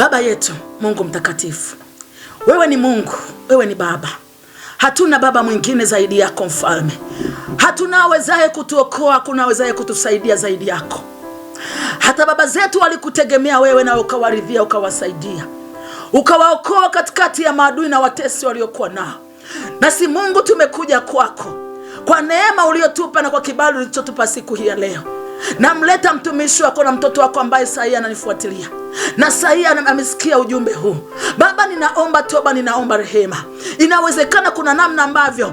Baba yetu Mungu mtakatifu, wewe ni Mungu, wewe ni Baba. Hatuna baba mwingine zaidi yako mfalme, hatuna awezaye kutuokoa, hakuna awezaye kutusaidia zaidi yako. Hata baba zetu walikutegemea wewe, na ukawaridhia, ukawasaidia, ukawaokoa katikati ya maadui na watesi waliokuwa nao. Nasi Mungu tumekuja kwako kwa neema uliotupa na kwa kibali ulichotupa siku hii ya leo Namleta mtumishi wako na mtoto wako ambaye sahii ananifuatilia na sahii amesikia ujumbe huu. Baba, ninaomba toba, ninaomba rehema. Inawezekana kuna namna ambavyo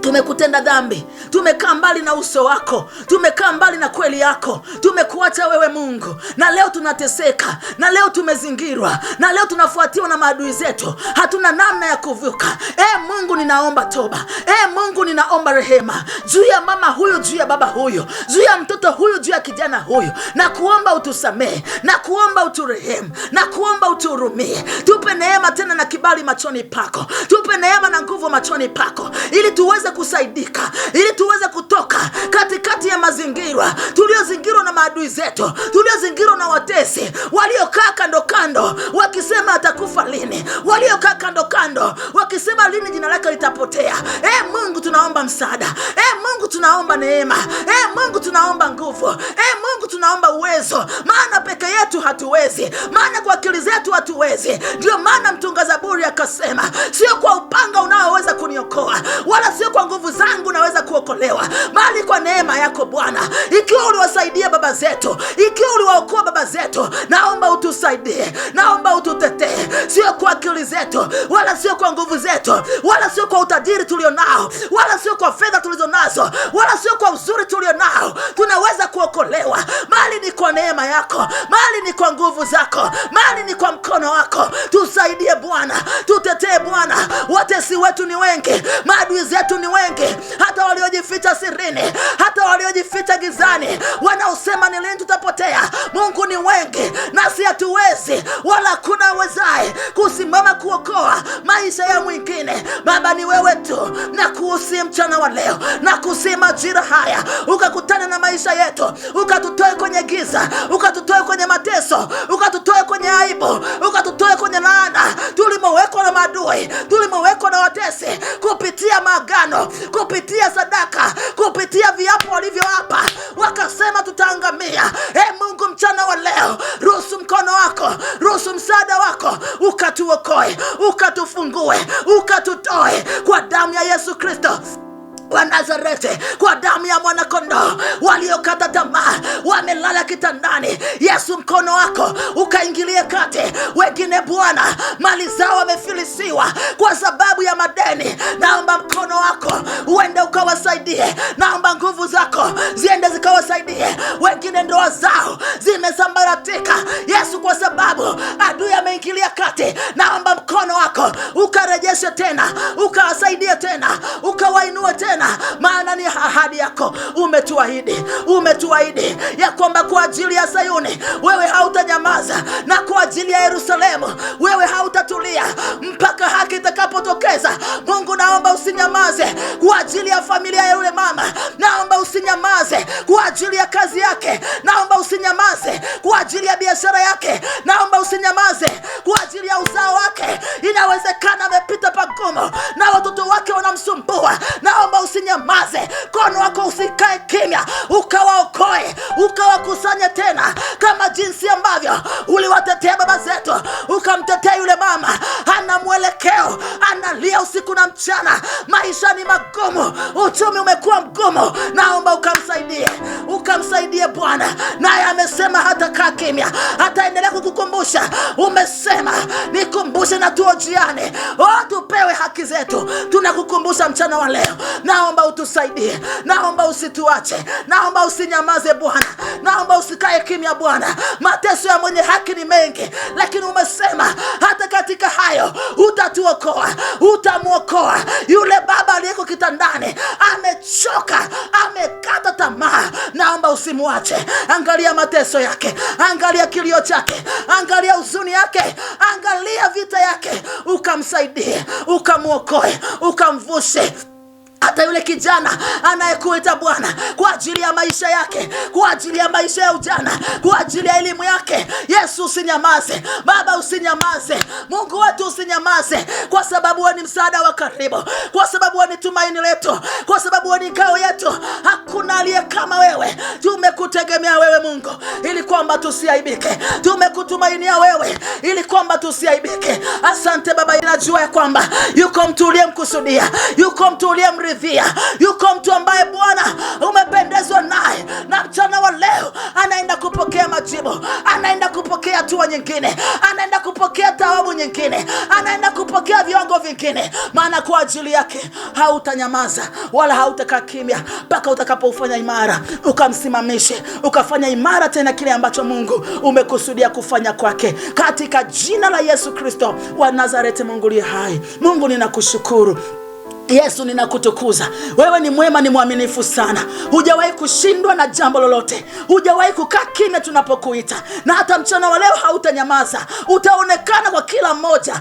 tumekutenda dhambi, tumekaa mbali na uso wako, tumekaa mbali na kweli yako, tumekuacha wewe Mungu, na leo tunateseka, na leo tumezingirwa, na leo tunafuatiwa na maadui zetu, hatuna namna ya kuvuka. E Mungu, ninaomba toba. E Mungu, ninaomba rehema juu ya mama huyu, juu ya baba huyu, juu ya mtoto huyu, juu ya kijana huyu, na kuomba utusamehe, na kuomba uturehemu, na kuomba utuhurumie. Tupe neema tena na kibali machoni pako, tupe neema na nguvu machoni pako, ili tuweze tuweze kusaidika, ili tuweze kutoka katikati ya mazingira tuliozingirwa na maadui zetu, tuliozingirwa na watesi waliokaa kando kando wakisema atakufa lini, waliokaa kando kando wakisema lini jina lake litapotea. E Mungu, tunaomba msaada. E Mungu, tunaomba neema. E Mungu, tunaomba nguvu. E Mungu tunaomba uwezo, maana peke yetu hatuwezi, maana kwa akili zetu hatuwezi. ndio maana mtunga Zaburi akasema, sio kwa upanga unaoweza kuniokoa, wala sio kwa nguvu zangu naweza kuokolewa, maana kwa neema yako Bwana, ikiwa uliwasaidia baba zetu, ikiwa uliwaokoa baba zetu, naomba utusaidie, naomba ututetee, sio kwa akili zetu wala sio kwa nguvu zetu wala sio kwa utajiri tulionao wala sio kwa fedha tulizonazo wala sio kwa uzuri tulionao tunaweza kuokolewa. Mali ni kwa neema yako, mali ni kwa nguvu zako, mali ni kwa mkono wako. Tusaidie Bwana, tutetee Bwana. Watesi wetu ni wengi, maadui zetu ni wengi, hata waliojificha sirini hata waliojificha gizani, wanaosema ni lini tutapotea. Mungu ni wengi, nasi hatuwezi wala hakuna wezae kusimama kuokoa maisha ya mwingine. Baba, ni wewe tu, na kuusi mchana wa leo, na kusi majira haya, ukakutana na maisha yetu, ukatutoe kwenye giza, ukatutoe kwenye mateso, ukatutoe kwenye aibu, ukatutoe kwenye laana tulimowekwa na maadui, tulimowekwa na watesi, kupitia maagano, kupitia sadaka, kupitia viapo walivyowapa wakasema tutaangamia. E Mungu, mchana wa leo ruhusu mkono wako, ruhusu msaada wako ukatuokoe, ukatufungue, ukatutoe kwa damu ya Yesu Kristo wa Nazareti, kwa damu ya mwanakondoo. Waliokata tamaa wamelala kitandani, Yesu mkono wako ukaingilia kati. Wengine Bwana, mali zao wamefilisiwa kwa sababu ya madeni, naomba mkono wako uende zikawasaidie. Naomba nguvu zako ziende zikawasaidie. Wengine ndoa zao zimesambaratika, Yesu, kwa sababu adui ameingilia kati. Naomba mkono wako ukarejeshe tena, ukawasaidie tena, ukawainue tena, maana ni ahadi yako. Umetuahidi, umetuahidi ya kwamba kwa ajili ya Sayuni wewe hautanyamaza na kwa ajili ya Yerusalemu wewe hautatulia mpaka haki itakapotokeza. Mungu, naomba usinyamaze kwa ajili ya familia ya yule mama, naomba usinyamaze kwa ajili ya kazi yake, naomba usinyamaze kwa ajili ya biashara yake, naomba usinyamaze kwa ajili ya uzao wake. Inawezekana amepita pagomo na watoto wake wanamsumbua, naomba usinyamaze, mkono wako usikae kimya, ukawaokoe, ukawakusanye tena, kama jinsi ambavyo uliwatetea baba zetu. analia usiku na mchana, maisha ni magumu, uchumi umekuwa mgumu, naomba ukamsaidie kamsaidie Bwana, naye amesema hata kaa kimya, ataendelea kukukumbusha. Umesema nikumbushe na tuojiane, oh, tupewe haki zetu. Tunakukumbusha mchana wa leo, naomba utusaidie, naomba usituache, naomba usinyamaze Bwana, naomba usikae kimya Bwana. Mateso ya mwenye haki ni mengi, lakini umesema hata katika hayo utatuokoa, utamwokoa. Yule baba aliyeko kitandani amechoka usimwache. Angalia mateso yake, angalia kilio chake, angalia huzuni yake, angalia vita yake, ukamsaidie, ukamwokoe, ukamvushe hata yule kijana anayekuita Bwana kwa ajili ya maisha yake, kwa ajili ya maisha ya ujana, kwa ajili ya elimu yake. Yesu usinyamaze, Baba usinyamaze, Mungu wetu usinyamaze, kwa sababu wewe ni msaada wa karibu, kwa sababu wewe ni tumaini letu, kwa sababu wewe ni yetu hakuna aliye kama wewe. Tumekutegemea wewe Mungu ili kwamba tusiaibike, tumekutumainia wewe ili kwamba tusiaibike. Asante Baba, inajua ya kwamba yuko mtu uliyemkusudia, yuko mtu uliyemridhia, yuko mtu ambaye Bwana umependezwa naye, na mchana wa leo anaenda kupokea majibu, anaenda kupokea hatua nyingine, anaenda kupokea thawabu nyingine, anaenda kupokea viwango vingine, maana kwa ajili yake hautanyamaza wala hautakaa kimya mpaka utakapo ufanya imara, ukamsimamishe, ukafanya imara tena kile ambacho Mungu umekusudia kufanya kwake, katika jina la Yesu Kristo wa Nazareti. Mungu liye hai, Mungu ninakushukuru. Yesu, ninakutukuza. Wewe ni mwema, ni mwaminifu sana, hujawahi kushindwa na jambo lolote, hujawahi kukaa kimya tunapokuita, na hata mchana wa leo hautanyamaza, utaonekana kwa kila mmoja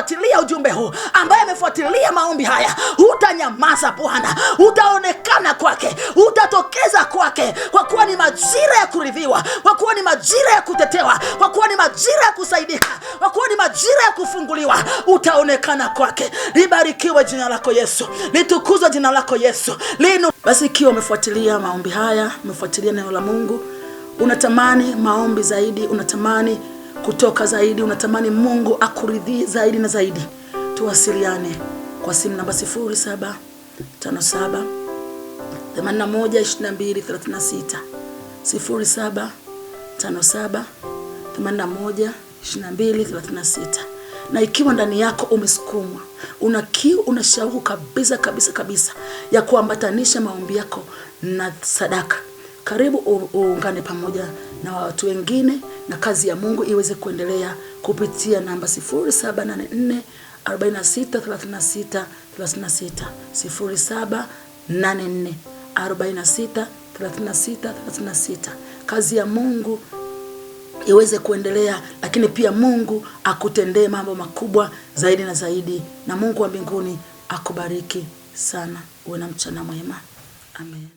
amefuatilia ujumbe huu, ambaye amefuatilia maombi haya, hutanyamaza Bwana, utaonekana kwake, utatokeza kwake, kwa kuwa ni majira ya kuridhiwa, kwa kuwa ni majira ya kutetewa, kwa kuwa ni majira ya kusaidika, kwa kuwa ni majira ya kufunguliwa, utaonekana kwake. Libarikiwe jina lako Yesu, litukuzwe jina lako Yesu linu. Basi ikiwa umefuatilia maombi haya, umefuatilia neno la Mungu, unatamani maombi zaidi, unatamani kutoka zaidi, unatamani Mungu akuridhie zaidi na zaidi, tuwasiliane kwa simu namba 0757 812236 0757 na ikiwa ndani yako umesukumwa, una kiu, una shauku kabisa kabisa kabisa ya kuambatanisha maombi yako na sadaka, karibu uungane pamoja na watu wengine na kazi ya Mungu iweze kuendelea kupitia namba 0784 46 Kazi ya Mungu iweze kuendelea, lakini pia Mungu akutendee mambo makubwa zaidi na zaidi, na Mungu wa mbinguni akubariki sana. Uwe na mchana mwema, amen.